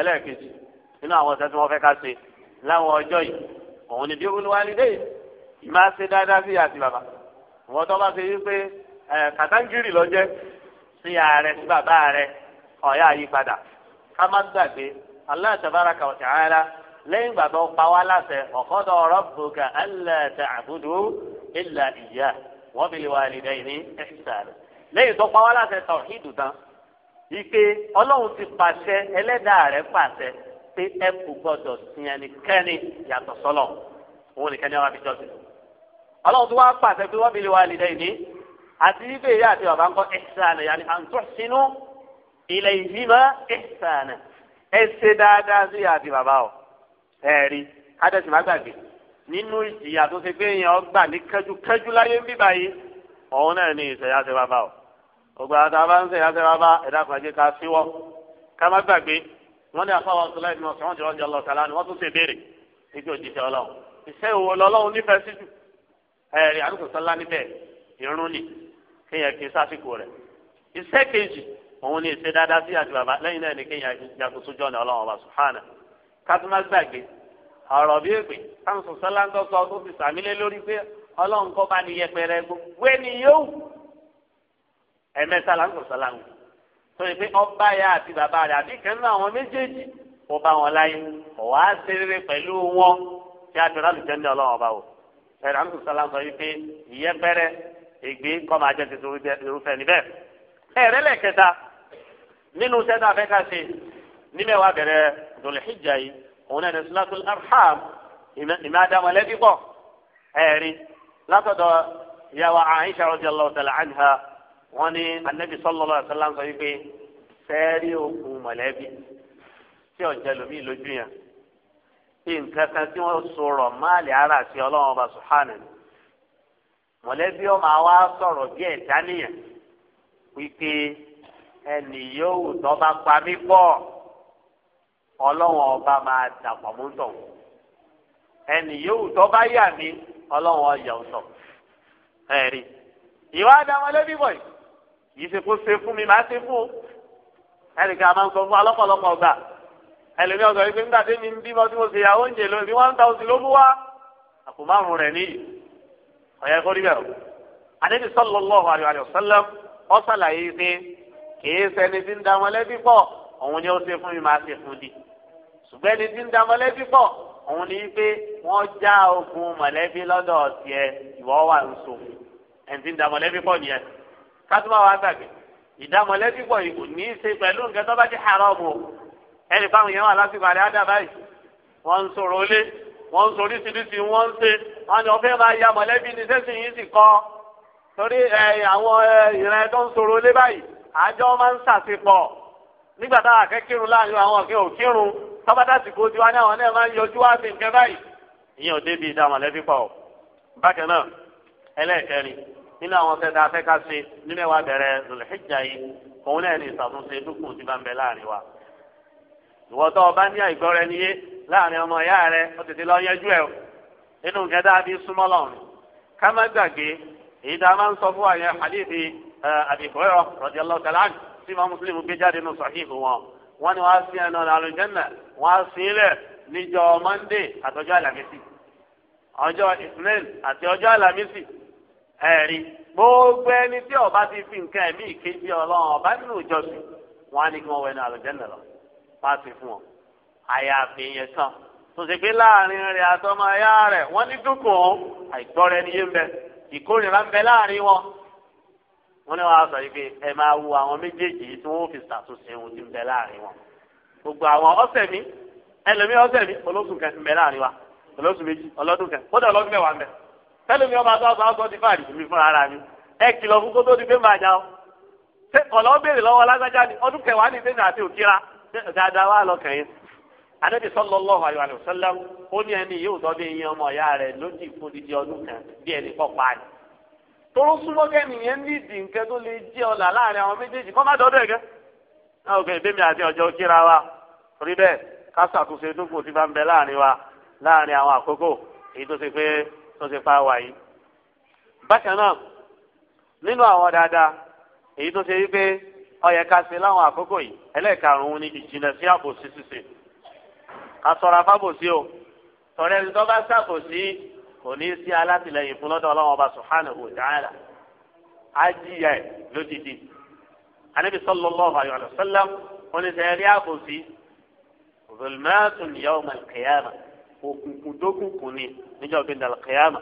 ẹlẹ́ẹ̀kejì nínú àwọn ọ̀sẹ̀ tí wọ́n fẹ́ ká ṣe láwọn ọjọ́ yìí òun ni bí olúwalidé yìí máa ṣe dáadáa sí àti bàbá wọn tó bá ṣe yí pé kàtàǹgìrì lọ sí ààrẹ sí bàbá rẹ ọ̀yá àyípadà ká má gbàgbé Allah tabaraka wa ta'ala lẹ́yìn gbàgbọ́ pa wá láṣẹ ọ̀kọ́dọ̀ rabbuka alla ta'budu illa iyyah wa bil lẹ́yìn tó pa wá láṣẹ tọ̀hídù tán ìpè ọlọ́run ti pàṣẹ ẹlẹ́dàá rẹ̀ pàṣẹ pé ẹ kò gbọdọ̀ sin ẹnikẹ́ni yàtọ̀ sọ́lọ̀ òun nìkan ni wọ́n fi jọ́sìn. ọlọ́run tó wá pàṣẹ pé wọ́n fi lè wá lè dẹ́yìn ní àti wípé ìyá àti bàbá ń kọ́ ẹ̀sánà yàrá àǹtọ́ sínú ilẹ̀ ìhìmá ẹ̀sánà ẹ ṣe dáadáa sí ìyá àti bàbá ọ ẹ̀rí adẹ́sì má gbàgbé nínú ìjìyà tó ṣe pé èèyàn gbà ní kẹjúkẹjú láyé ń bíbáyé òun náà ní ìṣẹ̀yà ti bàbá ọ ọgbà àti abánsẹ̀ yà sẹ́ bàbá ẹ̀dá àpàjẹ́ ká síwọ́ ká má gbàgbé wọ́n ní afáwọn ọ̀sán láì mọ̀ sọ́wọ́n jọ ọjọ́ lọ́sà lánàá wọ́n tún ṣe béèrè níbi òjijì ọlọ́run iṣẹ́ ìwò lọ́lọ́run nífẹ̀ẹ́ sí jù ẹ̀rì àdúgbò Ise níbẹ̀ irun ni kéèyàn kì í sásìkò rẹ̀ kejì òun ni ìṣe dáadáa sí àti bàbá lẹ́yìn náà ni kéèyàn yàtọ̀ ọlọ́run ẹ̀mẹ́ta la ń sọ̀sọ̀ la ń wò tó yẹ pé ọba ya àti bàbá rẹ̀ àbí kan náà àwọn méjèèjì ó bá wọn láyé ọ̀wá sẹ́rẹ́rẹ́ pẹ̀lú wọn tí a jọra lùjẹ́ ní ọlọ́wọ́ bá wò ẹ̀rọ àwọn sọ̀sọ̀ la ń sọ yìí pé ìyẹ́pẹ́rẹ́ ègbé kọ́ máa jẹ́ tuntun irúfẹ́ níbẹ̀ ẹ̀rẹ́ lẹ́kẹta nínú sẹ́dá afẹ́ká nímẹ̀wá bẹ̀rẹ̀ dòlẹ́hìjà wọ́n ní anabi sallallahu alaihi wasallam sọ wípé sẹ́ẹ̀rí okùn mọ̀lẹ́bí tí ọ̀jẹ̀ lómi lójú yẹn bí nǹkan kan tí wọ́n sọ̀rọ̀ máàlì ara sí ọlọ́run ọba sùhánù mọ̀lẹ́bí ọmọ àwa sọ̀rọ̀ bí ẹ̀dá nìyẹn wípé ẹnì yóò tọ́ bá pa mí pọ̀ ọlọ́wọ́n ọba máa dàpọ̀ mú tọ̀ ẹnì yóò tọ́ yà mí ọlọ́wọ́n ọyà ọ̀tọ̀ ẹ̀rí ìwà àdàmọ́lẹ́bí bọ̀ yìí yìí ṣe kó ṣe fún mi màá ṣe fún o ẹnìkan máa ń sọ fún alọ́pọ̀lọpọ̀ ọgbà ẹlòmíì ọ̀sọ̀ yìí pé nígbà tí mi ń bímọ tí mo ṣe ìyàwó ń jẹ lónìí one thousand ló mú wá àpò márùn rẹ̀ níyì ọ̀yẹ́ kó rí bẹ́ẹ̀ o àdébí sallallahu alaihi wasallam ó ṣàlàyé pé kìí ṣẹni tí ń da mọ̀lẹ́bí pọ̀ òun ni ó ṣe fún mi máa ṣe fún di ṣùgbọ́n ẹni tí ń da mọ̀lẹ́bí pọ̀ kátùmá wa gbàgbé ìdámọ̀lẹ́bí pọ̀ ìkù ní í ṣe pẹ̀lú nǹkan tó bá ti haramu ẹnì fáwọn yẹn wà lásìkò àlẹ́ àdá báyìí wọ́n ń sọ̀rọ̀ lé wọ́n ń sọ oríṣiríṣi wọ́n ń ṣe wọ́n ní ọ̀fẹ́ máa ya mọ̀lẹ́bí ni sẹ́sìn yìí sì kọ́ torí àwọn ìran tó ń sọ̀rọ̀ lé báyìí àjọ máa ń ṣàṣepọ̀ nígbà táwọn akẹ́kírun láàrin àwọn ọ̀kẹ́ òkírun tọ́bátàsì kò tiwa ní àwọn náà máa ń yọjú wá sí nǹkan báyìí ìyẹn ò débi ìdá pọ̀ bákan náà ẹlẹ́ẹ̀kẹrin nínú àwọn ọ̀sẹ̀ tá a fẹ́ ká ṣe nínú ẹ̀wà bẹ̀rẹ̀ zòlẹ́hìjà yìí òun náà ní ìṣàtúnṣe dúkùn ti bá ń bẹ láàrin wa. ìwọ tó o bá ní àìgbọ́ rẹ níyé láàrin ọmọ ìyá rẹ ó tètè lọ yẹjú ẹ o nínú nǹkan tá a fi súnmọ́ lọ́run ká má gbàgbé èyí tá a máa ń sọ fún àyẹn àdìsí àbíkúrẹ́rọ rọ̀díọ́lọ́ kàlán tí máa mùsùlùmí gbé jáde nù sọ̀híìfù ọjọ́ ìsìnẹ́ẹ̀lì àti ọjọ́ àlàmísì ẹ̀rí gbogbo ẹni tí ọba ti fi nǹkan ẹ̀mí ìkejì ọlọ́run ọba nínú ìjọsìn wọn á ní kí wọ́n wẹnu àlùjẹ́nà lọ má ti fún wọn àyàfi yẹn tán tó ṣe pé láàrin rẹ̀ àtọmọ ẹ̀yà rẹ̀ wọ́n ní dúkùn àìgbọ́ra ẹni yé ń bẹ ìkórìíra ń bẹ láàrin wọn wọ́n ní wàá sọ yìí pé ẹ máa wo àwọn méjèèjì tí wọ́n fi ṣàtúnṣe ohun tí ń bẹ láàrin wọn gbogbo àwọn ọ̀sẹ̀ mi ẹlòmíì ọ̀sẹ̀ mi olóṣù kan ń bẹ láàrin wa olóṣù méjì ọlọ́dún kan kódà ọlọ́dún mẹ́wàá ń bẹ tẹ́lẹ̀mí ọba tó ọba ọgbọ́n ti fà ní ìlú fúnra ara mi ẹ kìlọ̀ fún kótó ti fẹ́ máa jà ọ́ ṣé ọ̀lọ́ béèrè lọ́wọ́ lágbájá ni ọdún kẹwàá ní ìdẹ́nà àti òkìra dáadáa wà lọ́kàn yín adébí sallallahu alaihi wasallam ó ní ẹni yóò tọ́ bí iye ọmọ ìyá rẹ̀ lódì fún dídí ọdún kan bí ẹni pọ̀ pa ni toro súnmọ́ kẹ́niyẹn ní ìdì nǹkan tó lè jẹ́ ọ̀là láàrin àwọn méjèèjì kọ́ má dọ́dọ̀ ẹ̀gẹ́ náà òkè ìbémi àti ọjọ́ kíra wa torí bẹ́ẹ̀ ká ṣàtúnṣe dúnkù ti bá ń bẹ láàrin wa láàrin àwọn àkókò èyí tó ṣe pé tó ṣe fa wáyé bákan náà nínú àwọn dáadáa èyí tó ṣe wípé ó yẹ ká ṣe láwọn àkókò yìí ẹlẹ́ẹ̀karùn-ún ni ìjìnà sí àbòsí ṣíṣe àsọ̀rọ̀ àfàbòsí o tọ̀rẹ́ ẹni tó bá ṣàbòsí kò ní sí alátìlẹyìn fún lọ́dọ̀ ọlọ́wọ́n ọba subhanahu wa ta'ala ẹ̀ lódìdí anabi sallallahu alayhi wa sallam wọn rí àbòsí zulmatun yawm al òkùnkùn dókùnkùn ni níjọ́ bí dàlùkìyàmà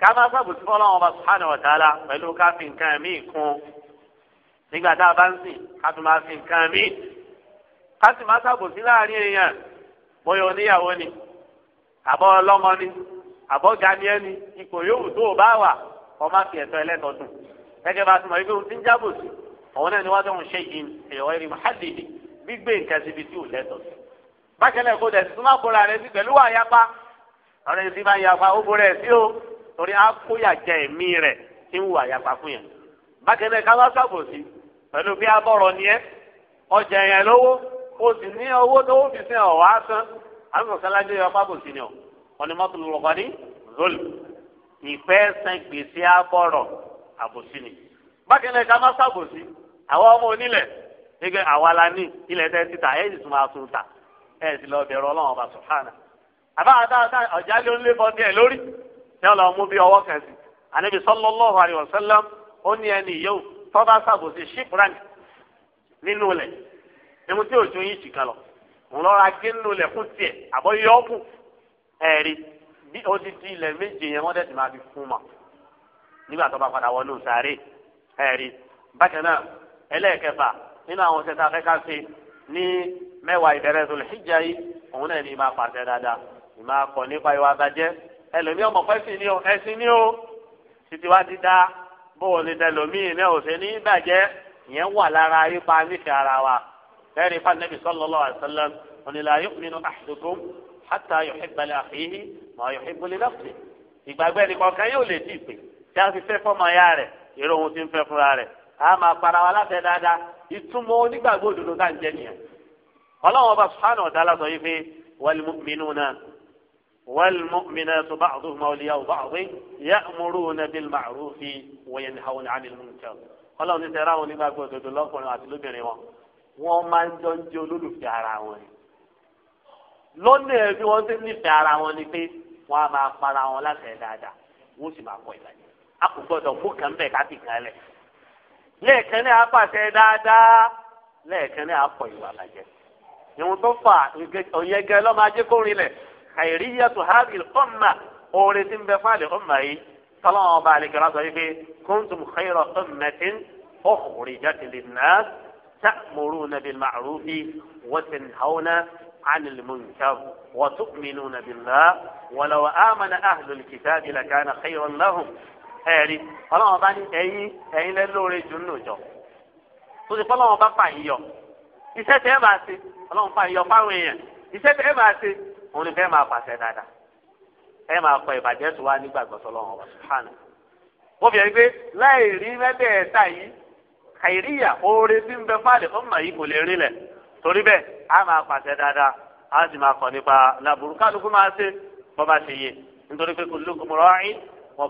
káfá sábò tí fọlọ́n ọba subhanahu wa ta'ala pẹ̀lú káfí nǹkan mí kún nígbà tá a bá ń sìn káfí máa fi nǹkan mí káfí máa sábò sí láàrin èèyàn bóyá oníyàwó ni àbọ̀ ọlọ́mọ ni àbọ̀ ganiẹ́ ni ipò yòówù tó o bá wà ọmọ fi ẹ̀tọ́ ẹlẹ́tọ̀ọ́ dùn gẹ́gẹ́ bá a ti mọ̀ ibi tí ń jábò sí náà ni wọ́n tó ń ṣe yìí ẹ̀yọ̀ ẹ̀rí mọ́ mákẹ́lẹ̀ kó dẹ̀ sísúnmá bóra rẹ̀ sí pẹ̀lú àyapa ọ̀rẹ́ yìí ti máa yapa ó bóra ẹ̀ sí o torí á kóyà jẹ ẹ̀mí rẹ̀ tí ń wù àyapa fún yẹn mákẹ́lẹ̀ ká bá sàbòsí pẹ̀lú bí abọ́rọ̀ ni ẹ́ ọjà yẹn lówó o sì ní owó tó o fi sin ọ̀wá sán àwọn sọ̀sálàjọ yọ fábòsí ni ọ ọ̀nìmọ́tò lọ́kọ́ ní zol ìfẹ́ san gbèsè abọ́rọ̀ àbòsí ni mákẹ́lẹ̀ ká má sàbòsí àwọn ọmọ onílẹ̀ nígbà àwa la ní ilẹ̀ tẹ́ títà ẹ̀yìn tó máa tún ta ẹ sì lọ bẹ̀rù ọlọ́run ọba sùhánà àbá àdáadá ọ̀já ló ń lé bọ́ díẹ̀ lórí ní ọlọ́run mú bí ọwọ́ kan sí ànábi sallallahu alaihi wasallam ó ní ẹni yóò tọ́ba ṣàbòsí ṣípran nínú ilẹ̀ ẹmu tí òjò yín jìkan lọ ńlọra gé nínú ilẹ̀ fún tiẹ̀ àbọ̀ yọ̀ọ́kù ẹ̀rí bí ó ilẹ̀ méje yẹn wọ́n tẹ̀sí máa fi fún ma nígbà tó bá padà wọnú sáré ẹ̀rí bákan náà ẹlẹ́ẹ̀kẹfà nínú àwọn ọ̀sẹ̀ tá a fẹ́ ká ṣe ní mẹ́wàá ìbẹ̀rẹ̀ tó lè ṣíjà yìí òun náà ní máa pàṣẹ dáadáa ìmọ̀ akọ nípa ìwà àbàjẹ́ ẹlòmíì ọmọ fẹ́sìn ni o ẹ̀sìn ni o títí wá ti dá bóun ni tẹlòmíì náà ò ṣe ní ìbàjẹ́ ìyẹn wà lára ipa nífẹ̀ẹ́ ara wa bẹ́ẹ̀ ni fanabi sallallahu alaihi wasallam onílà yu'minu ahadukum hatta yuhibba li akhihi ma yuhibbu li nafsihi ìgbàgbẹ́ nìkan kan yóò lè dì pé tí a ti fẹ́ fọ́mọ ya rẹ̀ èrò ohun ti ń fẹ́ fúnra rẹ̀ a máa para wa láfẹ́ dáadáa ìtumọ̀ onígbàgbọ́ òdodo ká ń jẹ nìyẹn ọlọ́wọ́n bá sùhánù ọ̀dà aláṣọ yìí pé wàlmùmínúnà wàlmùmínàtù báàdùhùmá olùyàwó báàdùhùn yá múrùnà bíl màrúfi wọ̀nyẹn hàwọn ànilmùnkà ọlọ́wọ́n ní sẹ́ra wọn nígbà gbọdọ̀ lọ́kùnrin àti lóbìnrin wọn wọ́n máa ń jọ ń jẹ́ olólùfẹ́ ara wọn ni lọ́nà ẹ̀rí wọn ti nífẹ̀ẹ́ ara wọn ni pé wọ́n á máa para wọn láti ẹ̀ dáadáa wọ́n sì máa kọ ìlànà a lẹ́ẹ̀kan náà á dáadáa lẹ́ẹ̀kan náà á ìwà bàjẹ́ ìwọ̀n tó fà òyìn gẹ lọ́mọ ajé kó rinlẹ̀ àìríyá tó hábì ọ̀mà oore tí ń bẹ fáàlì ọ̀mà yìí tọ́lọ́wọ́n ọba àlekèrè sọ wípé kóńtùm xeyrọ ọ̀mẹ̀tìn ọ̀hùrìjáde lè nà تأمرون بالمعروف وتنهون عن المنكر وتؤمنون بالله ولو آمن أهل الكتاب لكان خيرا لهم ẹ̀rí ọlọ́run bá ní ẹ̀yin ẹ̀yin lẹ́lóore jù nínú ìjọ tó ti fọlọ́run bá fà yín yọ iṣẹ́ tẹ́ ẹ máa ṣe ọlọ́run fa ìyọ̀ fáwọn èèyàn iṣẹ́ tẹ́ ẹ máa ṣe òun ni fẹ́ máa pàṣẹ dáadáa ẹ máa kọ ìbàjẹ́ tó wá nígbàgbọ́ sọlọ́run ọ̀rọ̀ sùhánù. mo fi ẹni pé láì rí mẹ́tẹ̀ẹ̀ta yìí àìríyà oore tí ń bẹ fáàlì fún mà yìí kò lè rí lẹ̀ torí bẹ́ẹ̀ á máa pàṣẹ dáadáa á sì máa kọ̀ nípa làbùrù kálukú máa ṣe bọ́ bá ṣe yé nítorí pé kullukum ra'in wa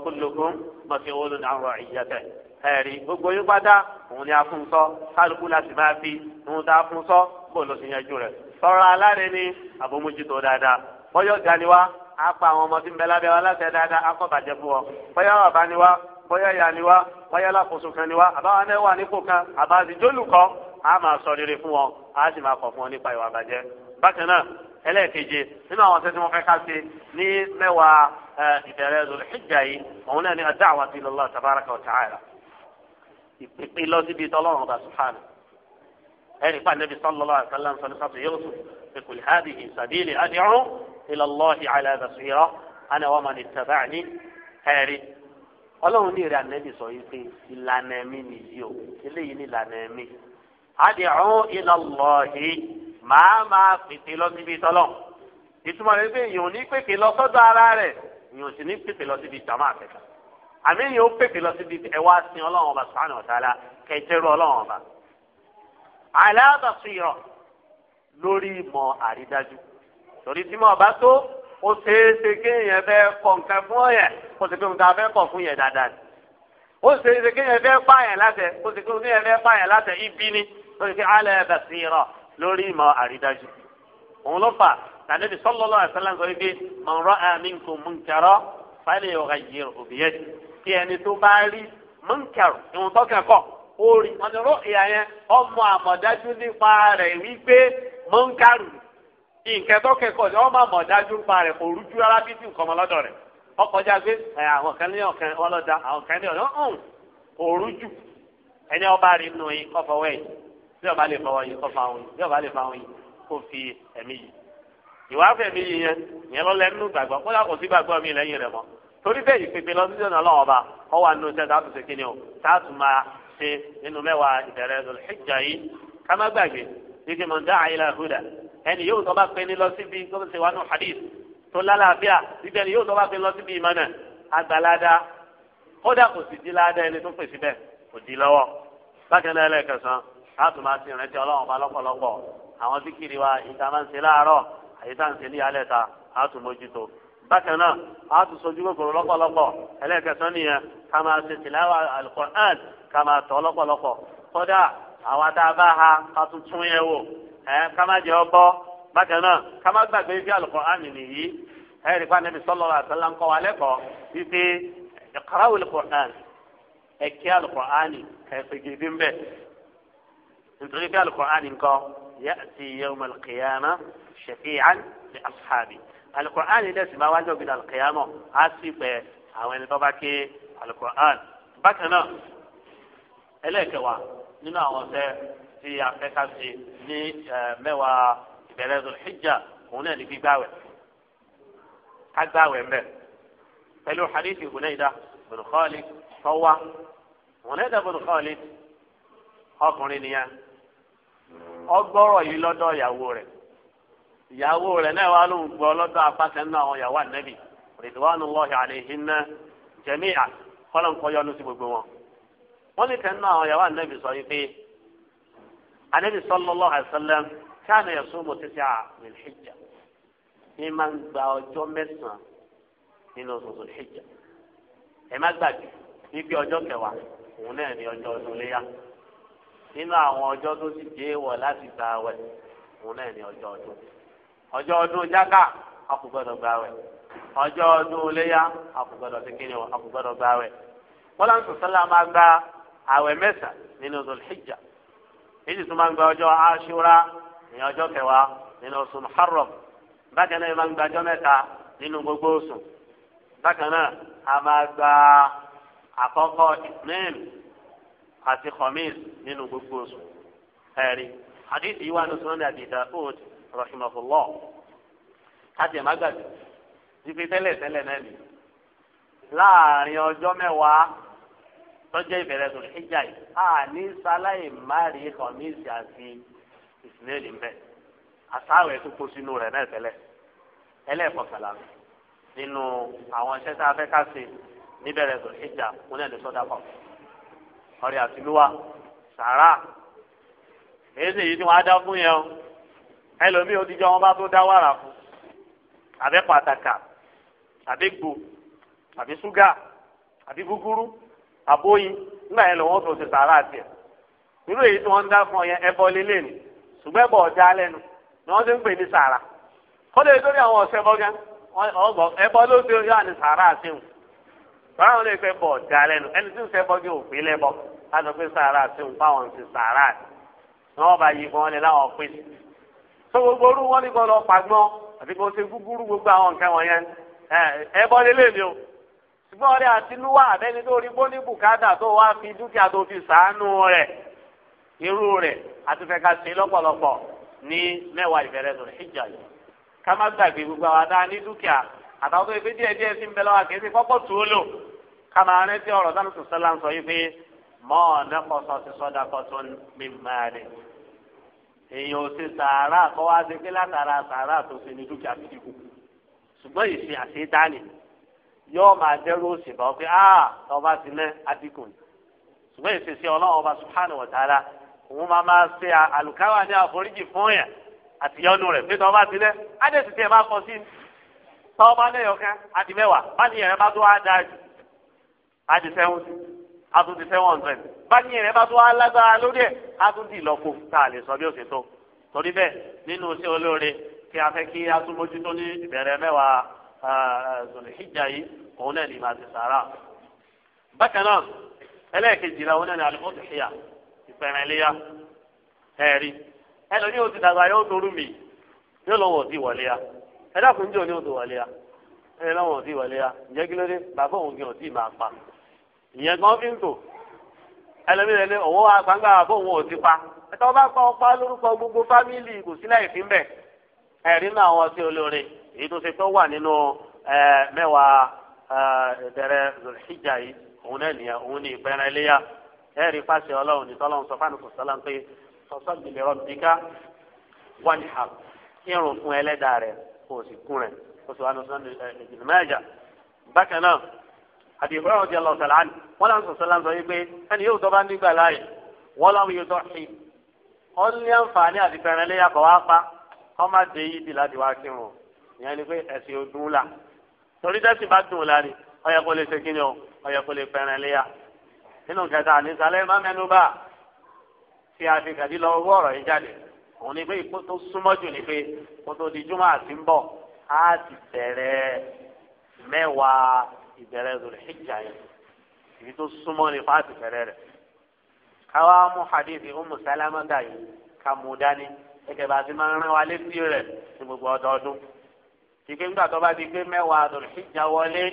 ẹ̀rí gbogbo yín pátá òun ni a fún sọ kálukú láti máa fi òun tá a fún sọ bó ló ti yanjú rẹ̀ sọ̀rọ̀ aláre ni àbomójútó dáadáa bọ́yọ̀ ga ni pa àwọn ọmọ tí ń bẹ lábẹ́ wa láti ẹ̀ dáadáa á kọ́ bàjẹ́ fún ọ bọ́yọ̀ ni bọ́yọ̀ ìyá ni bọ́yọ̀ kan ni àbáwọn wà ni ìpèpè lọ síbi tọ́lọ́run ọba sùhánù ẹnì pa nẹ́bi sọ́lọ́lá àkàlà nsọ́ni sọ́tù yusuf pẹ̀kù lìhádì ìsàbílì adìrú ìlọ́lọ́hì aláàbàṣírọ́ àná wọ́n mọ̀ ní tàbáàní ẹ̀rí ọlọ́run ní ìrẹ́ ànẹ́bi sọ yìí pé ìlànà ẹ̀mí nìyí o eléyìí ní ìlànà ẹ̀mí adìrú ìlọ́lọ́hì màá máa pèpè lọ síbi tọ́lọ́ ìtumọ̀ rẹ̀ pé èèyàn ò ní pèpè lọ sọ́dọ̀ ara rẹ̀ èèyàn sì ní pèpè lọ síbi jàmáà kẹta àmì yìí ó pèpè lọ síbi ẹwà sin ọlọ́run ọba sùhánù ọ̀tàlá kẹtẹrù ọlọ́run ọba aláàbàṣírọ lórí ìmọ̀ àrídájú torí tí mo ọba tó ó ṣeéṣe kéèyàn fẹ́ kọ̀ nǹkan fún ọ̀yẹ̀ kó sì pé nǹkan fẹ́ kọ̀ fún yẹn dáadáa ni ó ṣeéṣe kéèyàn fẹ́ pààyàn látẹ̀ kó sì pé nǹkan fẹ́ pààyàn látẹ̀ ibi ni lórí pé aláàbàṣírọ lórí ìmọ̀ àrídájú òun ló fà tàbí sọlọ́lọ́ àṣálà ń sọ wípé man ra'a minkum kí ẹni tó bá rí mọ́ńkẹ̀rù ìwọ̀n tọ́kẹ̀kọ̀ ó rí ọ̀nàrọ̀ ìyá yẹn ọmọ àmọ̀dájú nípa rẹ̀ wípé mọ́ńkẹ̀rù nǹkan ni ọmọ àmọ̀dájú nípa rẹ̀ kò rújú rárá bí tí nǹkan ọmọlọ́dọ̀ rẹ̀ ọkọjá gbé àwọn kan ní ọ̀kan ọlọ́dà àwọn kan ní ọ̀dọ́ ọ̀hún kò rújú ẹni ọba rí nù yín kọ́ fọwọ́ yìí bí ọba lè fọwọ́ yìí kọ́ fọwọ́ yìí bí ọba lè fọwọ́ mi lẹ́yìn rẹ̀ torí bẹ́ẹ̀ ìpèpè lọ sísè náà lọ́wọ́ bá ọ wà nínú iṣẹ́ táà tún ṣe kíni o táà tún máa ṣe nínú mẹ́wàá ìbẹ̀rẹ̀ ìjà yìí ká má gbàgbé ike mọ̀ dá àyè làhùdà ẹni yóò tọ́ bá pé ní lọ síbi tó ṣe wà nù hadith tó lálàáfíà ibẹ̀ ni yóò tọ́ bá pé lọ síbi ìmọ̀nà àgbàládá kódà kò sì di ládá ẹni tó pè síbẹ̀ kò di lọ́wọ́ bákan náà ẹlẹ́ẹ̀kẹsàn bákan náà a tún sojú kòkòrò lọ́pọ̀lọpọ̀ ẹlẹ́ẹ̀kẹsán nìyẹn ká máa ṣe tìláwà alukur'an ká máa tọ́ lọ́pọ̀lọpọ̀ kódà àwa tá a bá ha ká tún tún yẹn wò ẹ ká má jẹ́ ọbọ bákan náà ká má gbàgbé bí alukur'an nìyí ẹ rí pàdé mi sọlọ àtàlà ń kọ́ wa lẹ́kọ̀ọ́ wípé ìkàràwé alukur'an ẹ̀kí alukur'an kẹfìgìdì ń bẹ̀ nítorí bí alukur'an nǹkan yẹ alukur'an ilé sì máa wájú ògbìn alukiyamọ á sì pẹ àwọn ẹni tó bá ké alukur'an bákan náà ẹlẹ́ẹ̀kẹwàá nínú àwọn ọ̀sẹ̀ tí a fẹ́ ká ṣe ní mẹ́wàá ìbẹ̀rẹ̀ zulhijja òun náà ní gbígbàwẹ̀ ká gbàwẹ̀ mbẹ pẹ̀lú hadith ìhùnẹ́yìdá bin Khalid tọ́wá ìhùnẹ́yìdá bin Khalid ọkùnrin nìyẹn ọgbọ́rọ̀ yìí lọ́dọ̀ ìyàwó ìyàwó rẹ̀ náà wà lóhùn gbọ́ lọ́dọ̀ apákan náà àwọn ìyàwó ànẹ́bì ridwanullahi alayhinna jami'a kọ́lọ̀ nǹkan yọnu sí gbogbo wọn. wọ́n ní kan náà àwọn ìyàwó ànẹ́bì sọ yìí pé ànẹ́bì sallallahu alaihi wasallam kana yasumu tis'a min hijja ní máa ń gba ọjọ́ mẹ́sàn-án nínú oṣooṣù hijja ẹ má gbàgbé níbi ọjọ́ kẹwàá òun náà ní ọjọ́ ọdún nínú àwọn ọjọ́ tó sì dé wọ̀ láti gbà wẹ̀ òun náà ní ọjọ́ ọdún ọjọ́ ọdún jáká a kò Ọjọọ wẹ̀ ọjọ́ ọdún iléyà a kò ti kéde a kò gbọdọ̀ wẹ̀ ń máa gba àwẹ̀ mẹ́sà nínú zulhijja èyí tó máa gba ọjọ́ aṣúra ìyẹn ọjọ́ kẹwàá nínú bákan náà máa gba ọjọ́ mẹ́ta gbogbo bákan náà a máa gba àkọ́kọ́ àti rahimahullah káti ẹ̀ má gbàgbé ife tẹ́lẹ̀ tẹ́lẹ̀ náà ni láàrin ọjọ́ mẹ́wàá tọ́jọ́ ìbẹ̀rẹ̀ tó ṣíjà yìí àní sáláì márì kọ̀míìsì àti ìsìnlẹ̀lì mbẹ́ àsáwẹ̀ tó kó sínú rẹ̀ náà tẹ́lẹ̀ ẹlẹ́ẹ̀kọ̀kànlá nínú àwọn iṣẹ́ tá a fẹ́ ká ṣe níbẹ̀rẹ̀ tó ṣíjà wọn náà lè sọ́dà pọ̀ ọ̀rẹ́ àtìlúwa sàrà èyí sì yìí tí wọ́n á dá fún yẹn o ẹlòmíì ó ti jọ wọn bá tó dá wàrà fún àbẹ pàtàkà àbẹ gbò àbí ṣúgà àbí gúgúrú àbóyin nígbà yẹn lòun ó tó ṣe sàárà tiẹ̀ irú èyí tí wọ́n ń dá fún ọ yẹn ẹbọ lélẹ̀ ni ṣùgbọ́n ẹbọ ọ̀já lẹ́nu ni wọ́n ti ń pè ní sàárà kọ́lé lórí àwọn ọ̀sẹ̀ bọ́gán ọgbọ ẹbọ ló ṣe yóò ní sàárà ṣéwù tọ́lá wọn lè fẹ́ bọ̀ ọ̀já lẹ́nu ẹni tí ń ṣẹ́ bọ́gán ò pé lẹ́bọ láti pé sàárà ṣéwù fáwọn ti sàárà ni wọ́n bá yí fún wọn gbogbo orú wọn ní àti gbogbo àwọn nǹkan ẹ mi o ṣùgbọ́n ọ̀rẹ́ àtinúwà àbẹ́ni tó rí bóní bùkátà tó wá fi dúkìá tó fi sàánú irú àti fẹ́ ká ṣe lọ́pọ̀lọpọ̀ ní mẹ́wàá ìbẹ̀rẹ̀ tó yìí ká má gbàgbé gbogbo àwọn adá ní dúkìá àtàwọn tó sí ń bẹ lọ́wọ́ àkẹ́sí kọ́kọ́ tù ó lò èèyàn ò ṣe sàárà kọ́ wá ṣe pé látara sàárà tó ṣe ní dúkìá tó dìbò ṣùgbọ́n ìṣe àṣetánì yóò máa dẹ́rù òṣì ah, bá ọ pé áà ọba ti lẹ́ adínkù ni ṣùgbọ́n ìṣe sí ọlọ́run ọba subhanahu wa ta'ala òun máa máa ṣe àlùkáwà ní àforíjì fún yẹn àtìyọnu rẹ̀ pé tọ́ba ti lẹ́ adé ti tẹ̀ máa kọ sí i tọ́ba lẹ́yọ̀kan àti bá ní ẹ̀rẹ́ bá tó wá dáa jù àtúntì seven hundred báyìí yẹn bá tó wá lágbára lórí ẹ̀ àtúntì ìlọ́po tá a lè sọ bí ó ṣe tó torí bẹ́ẹ̀ nínú iṣẹ́ olóore kí a fẹ́ kí a tún mójútó ní ìbẹ̀rẹ̀ mẹ́wàá zòlè hijja yìí òun náà ní ma ti sàrà. bákan náà ẹlẹ́ẹ̀kejì la òun náà ní alùpùpù ṣìyà ìpẹ̀rẹ̀lẹ́yà ẹ̀rí ẹlòmí o ti dàgbà yóò torú mi yóò lọ́wọ́ ti wọlé ya ẹ dákun jẹ́ òní wọlé ya ẹ lọ́wọ́ ti wọlé ya ǹjẹ́ kí ló dé bàbá òun kì í ọ̀ tí ì máa ìyẹn gan fi ń tò ẹlẹ́mìíràn lé òun wá gbangba àbọ̀ òun ò ti pa ẹ̀tọ́ bá pa ọ̀pá lórúkọ gbogbo fámìlì kò sí láì fi ń bẹ̀ ẹ̀rí nínú àwọn ọtí olóore èyí tó ṣe tó wà nínú mẹ́wàá ìbẹ̀rẹ̀ zulhijja yìí òun náà nìyẹn òun ní ìpẹ́rẹ́ iléyà ẹ̀rí pàṣẹ ọlọ́run ní tọ́lọ́run sọ fáànù sọ̀sọ́lá pé sọ̀sọ́ gbìlẹ̀ rọ́bìkà wọ́n hà kírun fún ẹlẹ́dàá rẹ̀ kó sì kún rẹ̀ kó sì wà ní sọ́nù àti ìfúráwọ̀ di ọlọ́ọ̀tà láàánú wọn làwọn sọ̀sọ́ láǹ sọ wípé ẹni yóò tọ́ba nígbà láàyè wọn làwọn yóò tọ́sí wọn ní àǹfààní àti fẹ̀rẹ̀ lẹ́yà kọ́ wá pa kọ́ má dé yìí di láti wá kírun ìyẹn ni pé ẹ̀sìn ọdún là torí tẹ́sí bá dùn la ni ọyẹ kó lè ṣe kí ni o ọyẹ kó lè fẹ̀rẹ̀ lẹ́yà nínú kẹta ànísàlẹ̀ má mẹ́nu bá fi àfikàdí lọ owó ọ̀rọ̀ yìí jáde òun ni pé ipò súnmọ́ jù ni pé kó di júmọ́ àti ń bọ̀ á ti bẹ̀rẹ̀ mẹ́wàá ìbẹ̀rẹ̀ Dhul Hijja yẹn ibi tó súnmọ́ ní fáàtì fẹ̀rẹ̀ rẹ̀ káwá mú hadithi Ummu Salama dà yìí ká mú dání gẹ́gẹ́ bá ti máa ń rán wa létí rẹ̀ ní gbogbo ọdọọdún kíkẹ́ ńgbà tó bá ti gbé mẹ́wàá Dhul Hijja wọlé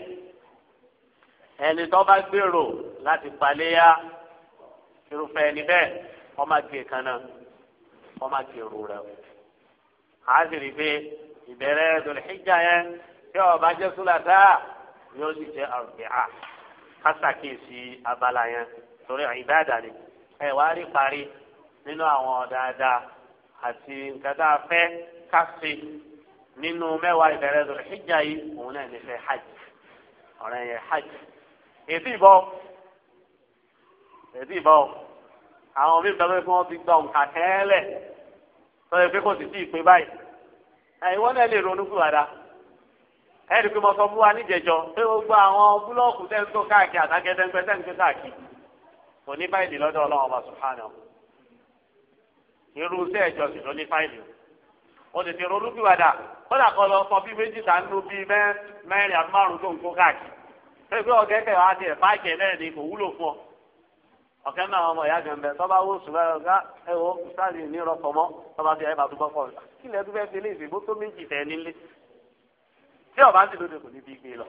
ẹni tó bá gbèrò láti paléyà irúfẹ́ ẹni bẹ́ẹ̀ wọ́n gbé kan náà gbé ru rẹ̀ á sì rí i pé ìbẹ̀rẹ̀ Dhul Hijja yẹn tí bá jẹ́ sùlátà yóò sì jẹ́ àrùbíà kásákèsí abala yẹn torí ìbáàdà ni ẹ wá rí parí nínú àwọn dáadáa àti nǹkan tá a fẹ́ ká ṣe nínú mẹ́wàá ìbẹ̀rẹ̀ lórí hijja yìí òun náà nífẹ̀ẹ́ hajj ọ̀rẹ́ yẹn hajj ètí ìbọ̀ ètí ìbọ̀ àwọn mí bẹ́ẹ̀ fún wọn ti gbọ́ nǹkan kẹ́ẹ́lẹ̀ sọ yẹ kò sì tí ì báyìí ẹ̀yin wọ́n náà lè ronú kúwàdà. ẹ̀rí pé mo sọ fún wa níjẹ̀jọ́ pé gbogbo àwọn búlọ́ọ̀kù tẹ́ǹtò káàkiri àtàkẹ́tẹ́ǹpẹ́ tẹ́ǹtò káàkiri kò ní fáìlì lọ́dọ̀ ọlọ́run ọba sùhánà irú iṣẹ́ ló ní fáìlì o tètè ronú pìwàdà kódà kan lọ sọ bí méjì tá nínú bíi mẹ́rin àti márùn tó ń káàkiri pé báàkì ẹ̀ náà ni kò wúlò fún ọ ọ̀kẹ́ náà ọmọ ìyá tí ọba sì lóde kò ní fi gbé lọ.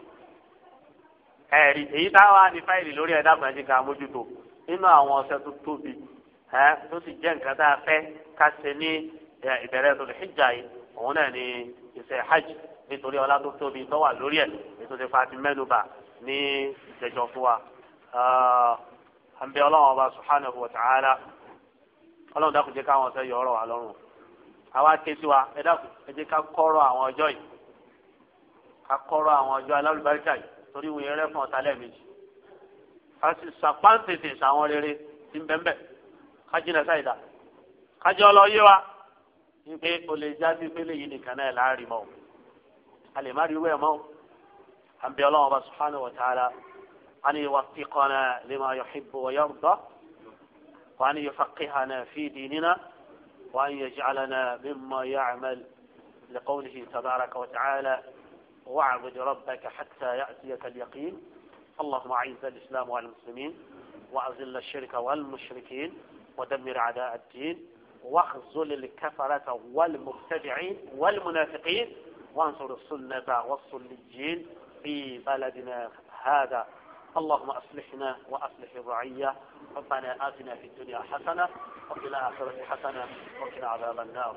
ẹ̀rí èyí tá a wá ní fáìlì lórí ẹ̀dá àgbàjì kan mójútó nínú àwọn ọ̀sẹ̀ tó tóbi ẹ̀ tó sì jẹ́ nǹkan tá a fẹ́ ká ṣe ní ìbẹ̀rẹ̀ tó lè hijja yìí òun náà ní iṣẹ́ hajj nítorí ọlá tó tóbi tó wà lórí ẹ̀ ètò ti fa ti mẹ́nuba ní ìjẹjọ fún wa. àǹbẹ̀ ọlọ́run ọba subhanahu wa ta'ala ọlọ́run dákun jẹ́ káwọn ọ̀sẹ̀ yọ ọ̀rọ̀ wa lọ́rùn àwa ké sí wa ẹ dákun ẹ jẹ́ ká kọ́rọ̀ àwọn ọjọ́ yìí akọrọ àwọn ọjọ́ alálùbáríkà yìí torí wọn eré fún ọ̀tá lẹ́ẹ̀mejì a sì sàpáǹtètè sàwọn rere ti ń bẹ́ńbẹ́ kájínà sáìdá kájọ́ lọ yé wa wípé o lè já sí pé léyìí nìkan náà láàrin mọ́ o a lè má rí wẹ́ẹ̀ mọ́ o à ń bẹ ọlọ́run ọba subhanahu wa ta'ala a ní waqtiqana lima yuhibbu wa yarda wa an yufaqqihana fi dinina wa an yaj'alana mimma ya'mal liqawlihi tabaraka wa ta'ala. واعبد ربك حتى يأتيك اليقين اللهم أعز الإسلام والمسلمين وأذل الشرك والمشركين ودمر أعداء الدين واخذل الكفرة والمبتدعين والمنافقين وانصر السنة والصليين في بلدنا هذا اللهم أصلحنا وأصلح الرعية ربنا آتنا في الدنيا حسنة وفي الآخرة حسنة وقنا عذاب النار